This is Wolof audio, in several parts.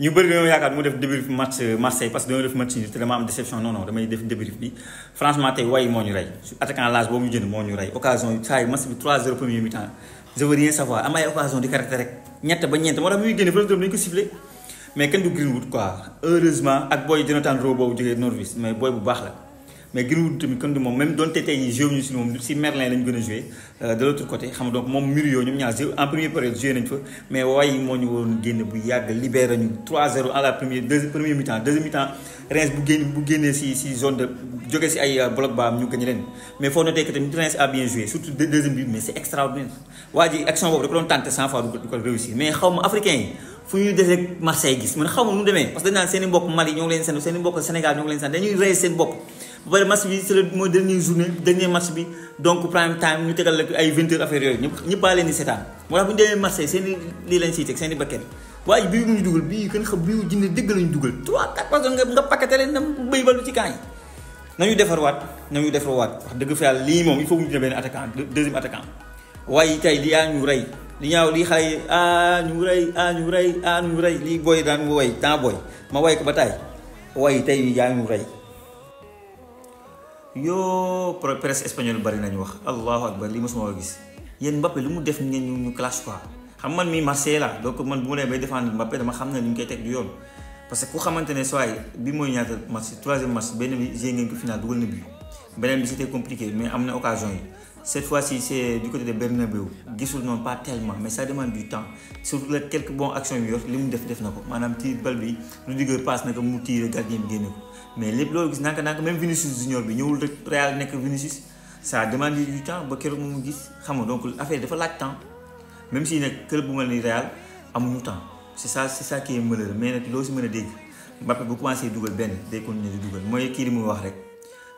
ñu bëri dañoo yaakaar mu def débrief match euh, Marseille parce que dañoo def match nul te am déception non non damay def débrief bi franchement tey way moo ñu rey su attaquant large boobu ñu jënd moo ñu rey occasion yi saa match bi 3-0 premier mi-temps je veux rien savoir am ay occasion di caractère rek ñett ba ñeent moo tax muy génne vélodrome dañu ko sifflé mais kenn du Greenwood quoi heureusement ak booy Jonathan Rowe boobu jógee Norvis mais booy bu baax la mais Greenwood tamit kenn du moom même donte tey ñi joué ñu si moom si Merlin lañ gën a joué euh, de l' autre côté xam donc moom Murillo ñoom ñaar en première période joué nañ fa mais waaye moo ñu waroon génn bu yàgg libéré ñu 3-0 à la première deuxième première mi-temps deuxième mi-temps Reims bu génn bu génnee si si zone de jóge si ay euh, bloc bas ñu gagné leen mais foo notee que tamit Reims a bien joué surtout deuxième bi mais c' est extraordinaire waa ji action boobu da ko doon tenté cent fois du ko réussir mais xaw ma africain yi fu ñu defee Marseille gis man xaw ma nu demee parce que dañ naan seen i mbokk Mali ñoo ngi leen sant seen i mbokk Sénégal ñoo ngi leen sant dañuy rey seen bopp ba pare match bi c'est le mooy dernier journée dernier match bi donc prime time ñu tegal la ay 20 heures affaire yooyu ñëpp ñëpp baa leen di seetaan moo tax bu ñu demee Marseille seen lii lañ siy teg seen i bakken waaye bii mu ñu dugal bii kenn xam bii jënd dëgg lañu dugal 3 4 personnes nga nga pakkate leen dem béy balu ci camp yi nañu defarwaat nañu defarwaat wax dëgg fi yàlla lii moom il faut ñu jënd benn attaquant deuxième attaquant waaye tey li yaa ah ñu rey li ñaaw lii xale yi ah ñu rey ah ñu rey ah ñu lii booy daan mu way temps booy ma way ko ba tay waaye tey yaa ñu rey yo presse espagnol bari nañ wax allahu akbar li musuma gis yeen mbappe lu mu def ngeen ñu ñu clash quoi xam man mi marseille lah. donc man bu mu ne bay défendre mbappe dama xam na ñu koy tek du yoon parce que ku xamantene soy bi moy ñaata match 3e match benn bi jé ngeen ko final dugul ni bi benen bi c'était compliqué mais amna occasion yi Cette fois-ci, c'est du côté de Bernabeu. Gisoul non pas tellement, mais ça demande du temps. Surtout les quelques bonnes actions, il y def des nako. Madame ti Balbi, nous dit que passe, nous tire le gardien de Mais les blocs, même Vinicius Junior, bi, y rek real Real, Vinicius. Ça demande du temps, parce que nous avons Donc l'affaire, il faut temps. Même si le club est Real, il mou a temps. C'est ça, c'est ça qui est malheureux. Mais lo si dit que Mbappé beaucoup commencé à double Ben, dès qu'on est double. Moi, je suis rek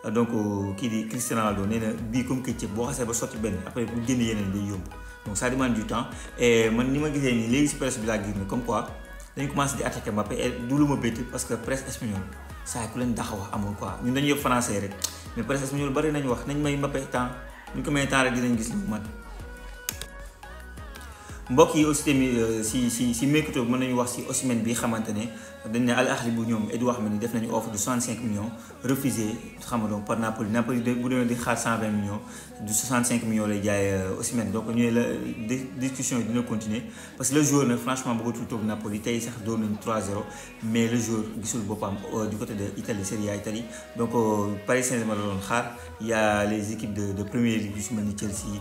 donc euh, kii di Cristiano Ronaldo nee na bii comme que ceeb boo xasee ba sotti benn après bu génn yeneen day yomb donc ça demande du temps et man ni ma gisee nii léegi si presse bi laa gis ne comme quoi dañ commencé di attaqué Mbappé et du lu ma bett parce que presse espagnole saa ku leen dax amul quoi ñun dañu yëpp français rek mais presse espagnole bari nañu wax nañ may mbappe temps ñu ko may temps rek dinañ gis lu mat mbokk yi aussi tamit euh, si si si mercato mën nañu wax si Osimhen bi xamante ne dañ ne Al Ahly bu ñoom Edouard Mendy def nañu offre de 65 millions refusé xam nga par Napoli Napoli bu demee di xaar 120 millions du 65 millions lay jaay euh, Osimhen donc ñu la discussion yi dina continuer parce que le joueur nag franchement bëggatul toog Napoli tey sax doon nañu 3-0 mais le joueur gisul boppam euh, du côté de Italie Serie A Italie donc Paris Saint-Germain la doon xaar y a les équipes de de première ligue yu Chelsea.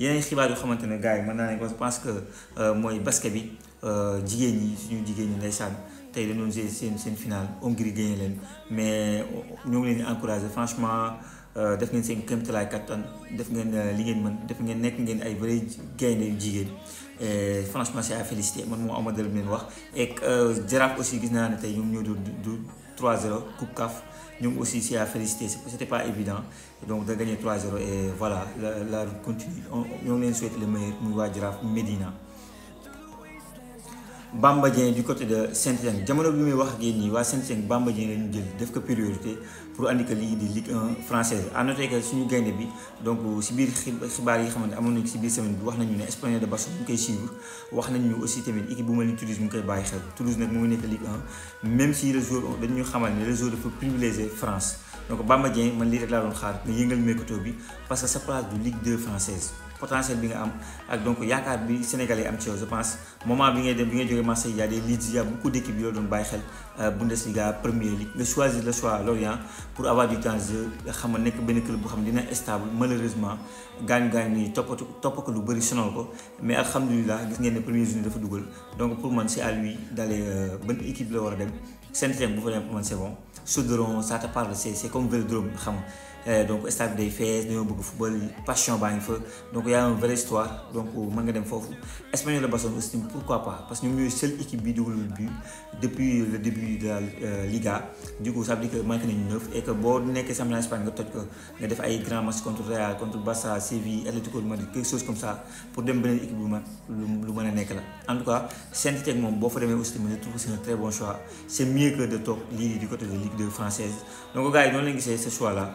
yeneen xibaar yoo xamante ne gars yi mën naa ne je pense que euh, mooy basket bi euh, jigéen ñi suñu jigéen ñi ndeysaan tey dañu doon seen seen final Hongrie gagné leen mais euh, ñoo ngi leen di encouragé franchement def ngeen seen kéemtalaay kattan def ngeen li ngeen mën def ngeen nekk ngeen ay vrai gaynde yu jigéen franchement c'est à féliciter man moom Amadou leen wax et Jaraaf aussi gis naa ne tey ñoom ñoo doon du 3-0 Coupe CAF. Nous aussi, c'est à féliciter, ce n'était pas évident. donc, de gagner 3-0 et voilà, la, la route continue. On, souhaite le meilleur, Mouadjiraf, Medina. Bamba Dieng du côté de Saint-Étienne jamono bi muy wax ak ni ñii Saint-Étienne Bamba Dieng lañu jël def ko priorité pour andi ko ligue di Ligue 1 française à noter que suñu gaynde bi donc si biir xibaar yi nga xamante amoon nañu si biir semaine bi wax nañu ne Esplanade de Barcelone ñu koy suivre wax nañu aussi tamit équipe bu mel ni Toulouse mu koy bàyyi xel Toulouse nag mu ngi nekk Ligue 1 même si réseau dañuy xamal ne réseau dafa privilégié France donc Bamba Dieng man lii rek laa doon xaar nga yëngal mercato bi parce que sa place du Ligue 2 française potentiel bi nga am ak donc yaakaar bi Sénégalais am ci yow je pense moment bi ngay dem bi ngay jógee Marseille y a des leads y a beaucoup d'équipes yoo doon bàyyi xel euh, Bundesliga Premier League nga choisir le xam nga nekk benn club boo xam ne dina stable malheureusement gaañu gaañu nii toppatu topp ko lu bëri sonal ko mais alhamdulilah gis ngeen ne premier journée dafa dugal donc pour man c'est à lui d'aller euh, ban équipe la war a dem Saint-Étienne bu fa dem pour man Euh, donc stade bi day fees beaucoup de football passion baa une fa donc y a une vraie histoire donc mën nga dem fofu Espagnol de Barcelone estime pourquoi pas parce que ñoom ñooy seule équipe bi le but depuis le début de la euh, Liga du coup ça veut dire que sommes les neuf et que boo nekkee en Espagne nga toj ko nga def ay grands matchs contre Real contre Barça Séville tout de Madrid quelque chose comme ça pour dem benen équipe bu ma lu lu meuna nekk la en tout cas saint mom fa je trouve c'est un très bon choix c'est mieux que de top lii du côté de Ligue 2 française donc gars non noonu lañ ce choix là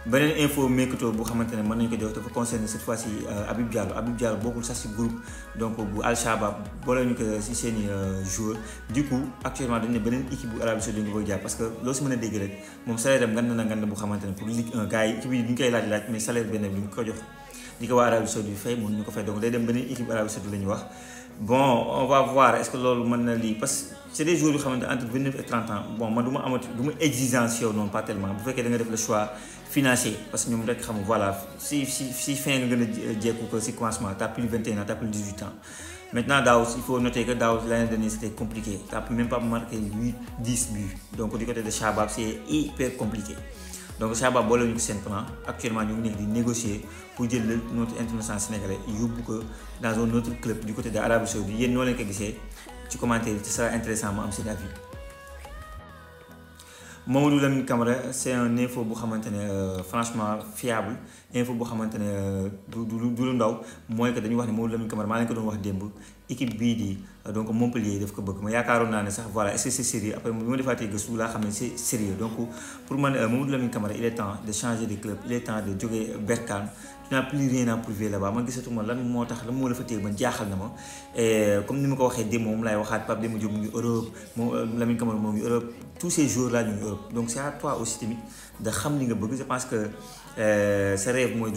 beneen info mercato bu xamante ne mën nañu ko jox dafa concerné cette fois ci euh, Habib Diallo Habib Diallo bokkul sax ci groupe donc bu Al Shabab boole ñu ko ci seeni euh, joueur du coup actuellement dañu ne beneen équipe bu Arabie Saoudite ñu koy jaay parce que loo ci mën a dégg rek moom salaire am ngan na ngan bu xamante ne pour Ligue 1 gars yi équipe yi ñu koy laaj laaj mais salaire benn bi ñu ko jox di ko waa Arabie Saoudite fay mën ñu ko fay donc day dem beneen équipe Arabie Saoudite la ñu wax bon on va voir est-ce que loolu mën na lii parce que c'est des joueurs yu xamante entre 29 et 30 ans bon man du ma amati du ma exigence yow noonu pas tellement bu fekkee da nga def le choix financier parce que nous rek xam voilà si si si fin nga gëna a ko ci commencement t'as plus de 21 ans t'as plus de 18 ans maintenant il faut noter que l'année dernière c'était compliqué t'as même pas marqué 8 10 buts donc du côté de Chabab c'est hyper compliqué donc Chabab bolé ñu ko plan actuellement ñu ngi négocier pour jël notre international sénégalais yóbbu ko dans un autre club du côté de Arabie Saoudite yéen no leen ko ci commentaire ce sera intéressant mu am Mamadou Lamine Camara c' est un info bu xamante ne euh, franchement fiable info bu xamante ne euh, du du du ndaw mooy que dañuy wax ne Mamadou Lamine Camara maa leen ko doon wax démb équipe bii di euh, donc Montpellier daf ko bëgg ma yaakaaroon naa ne sax voilà est-ce que c'est sérieux après bi ma defaatee gëstu laa xam ne c'est sérieux donc pour man euh, Mamadou Lamine Camara il est temps de changer de club il est temps de jógee Berkane tu n'as plus rien à prouver là-bas ma gisatuma lan moo tax lan moo la fa téye man jaaxal na ma et euh, comme ni ma ko waxee démb moom laay waxaat Pape Demba Diop mu ngi Europe moom Lamine Camara moo ngi Europe tous ces jours là ñu ngi Europe donc c'est à toi aussi tamit de xam li nga bëgg je pense que euh, ses rêve moi, de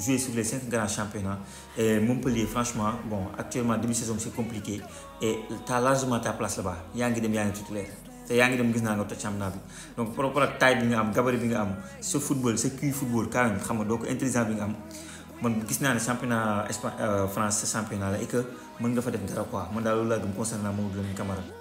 jouer sur les cinq grands championnats. Et Montpellier, franchement, bon, actuellement, début de saison, c'est compliqué. Et tu as largement ta place là-bas. Il y a des titulaire. te yaa ngi dem gis naa nga toj championnat donc par rapport ak taille bi nga am gabarit bi nga am football C'est QI football quand même xam nga donc intelligent bi nga am man gis championnat Espagne euh, France ce championnat là. et que mon nga fa def dara quoi mon daal le laa gëm concernant mon camarade.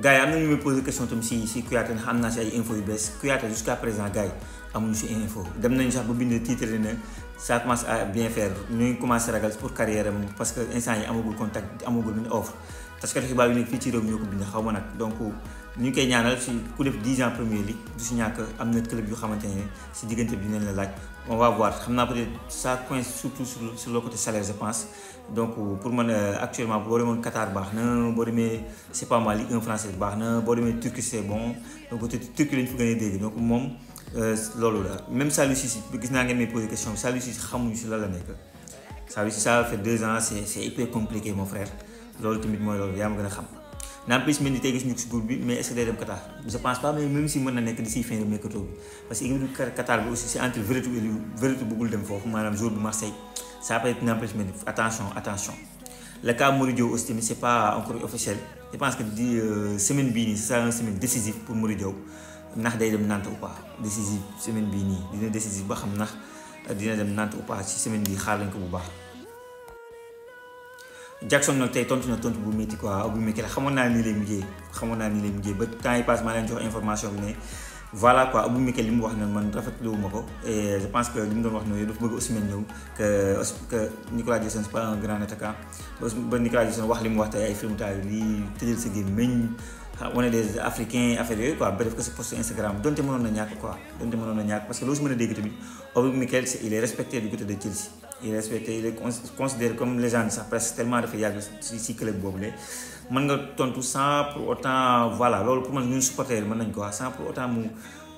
gars yi am nañu may posé question tam si si Kouyaté ne xam naa si ay info yu bees Kouyaté jusqu'à présent gars yi amuñu si info dem nañu sax ba bind titre ne ça commence à bien faire ñu ngi ragal pour carrière am parce que instant yi amagul contact amagul benn offre parce que xibaar yu nekk fii ci réew mi ñoo ko bind xaw ma nag donc ñu ngi koy ñaanal si ku def 10 ans première ligue du si ñàkk am na club yu xamante ne si diggante bi dinañ la laaj on va voir xam naa peut-être ça coince surtout sur sur le côté salaire je pense donc pour man euh, actuellement boo demoon Qatar baax na boo demee c'est pas mal Ligue 1 française baax na boo demee Turquie c'est bon donc te Turquie lañ fa gën a dégg donc moom euh, loolu la même Saliou Ciss gis naa ngeen may poser question Saliou Ciss xamuñu si la la nekk Saliou Ciss ça fait 2 ans c'est c'est hyper compliqué mon frère loolu tamit mooy loolu yaa ma gën a xam n'empêche mel ni tey gis ñu si groupe bi mais est-ce que que équipe semaine bii nii ce sera une semaine décisive pour dem Nantes ou pas semaine bii nii dina décisive ba xam ndax dina dem Nantes ou pas ci semaine bii xaar lañ ko bu baax Jackson nag tey tontu na tontu bu métti quoi bu métti la xamoon naa ni lay mujjee xamona naa ni lay mujjee ba temps yi passe ma len jox information bi ne voilà quoi Abou Mikel li wax noonu man rafet ma ko et je pense que li mu doon wax noonu dafa bëgg Ousmane ñëw que que Nicolas Jackson c'est pas un grand attaquant ba Nicolas Jackson wax li wax tay ay film taal lii tëjal sa gémmiñ on ah, est des africains affaires quoi bref que sa post Instagram donte mënon na ñak quoi donte mënon na ñak parce que loo si mën a dégg tamit Abou Mikel il est respecté du côté de Chelsea il respecte respecté il est considéré comme légende sax presque tellement dafa yàgg si si club boobu man nga tontu sans pour autant voilà loolu pour man ñun supporter mën nañ ko sans pour autant mu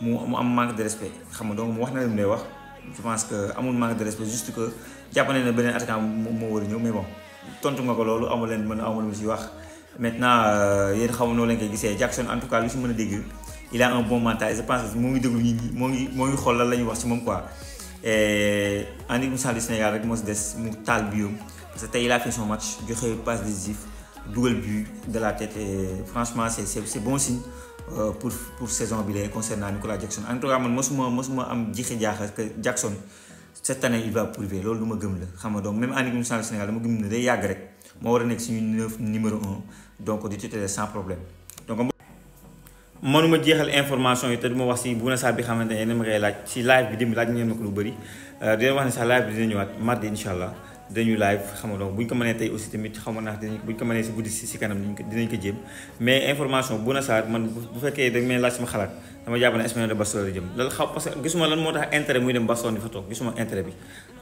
mu am manque de respect xam nga donc mu wax na leen lay wax je pense que amul manque de respect juste que jàpp nañ ne attaquant mo war a mais bon tontu nga ko lolou amul leen amul lu si wax maintenant euh, yéen xamu noo leen koy gisee Jackson en tout cas lu ci mën a dégg il a un bon mental je pense que ngi déglu ñi mo ngi mo ngi xol lan wax ci mom quoi et eh, équipe Moussa du Sénégal rek moo si des mu taal bi parce que il a fait son match passe décisif double but de la tête franchement c'est c'est bon signe euh, pour pour saison concernant Nicolas Jackson en tout cas je mosuma mosuma am jiixi que Jackson cette année il va prouver loolu gëm la xam donc même en Moussa nationale Sénégal dama gëm ne day yàgg rek moo war a nekk numéro 1. donc du titre, sans problème. mënuma jeexal information yi te duma wax si Bouna Sarr bi xamante ne ma koy laaj si live bi démb laaj ngeen ma ko lu bëri euh, di leen wax ne sax live bi dina ñëwaat mardi incha allah dañu live xam nga bu ñu ko mënee tey aussi tamit xam nga dinañ bu ñu ko mënee si guddi si si kanam dinañ ko jéem mais information Bouna Sarr man bu fekkee da ngay laaj sama xalaat dama jàpp ne Espanyol de Barcelone la jëm loolu xaw parce gisuma lan moo tax intérêt muy dem Barcelone di fa toog gisuma i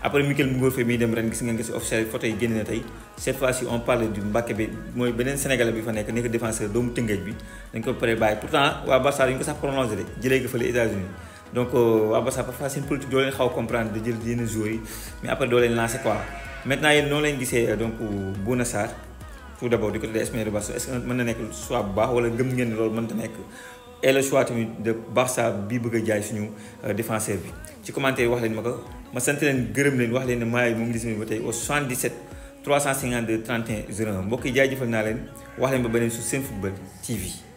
après Mikel Mingorfe mi dem ren gis nga nga si officiel photo yi na tey cette fois ci on parle du Mbacké bi mooy beneen sénégalais bi fa nekk nekk défenseur doomu Tëngéej bi dañ ko paree bàyyi pourtant waa Barça dañ ko sax prolongé de jëlee ko fële États-Unis donc euh, waa Barça parfois seen doo leen xaw comprendre di jël yenn joueurs yi mais après doo leen lancé quoi maintenant yéen noonu leen gisee euh, donc euh, bu baax wala gëm ngeen ne loolu mën et le choix de Barça bi bëgg jaay suñu euh, défenseur bi ci commentaire wax leen ma ko ma sant leen gërëm leen wax leen au 77 352 31 01 mbokk yi jaajëfal naa leen wax leen ba beneen TV.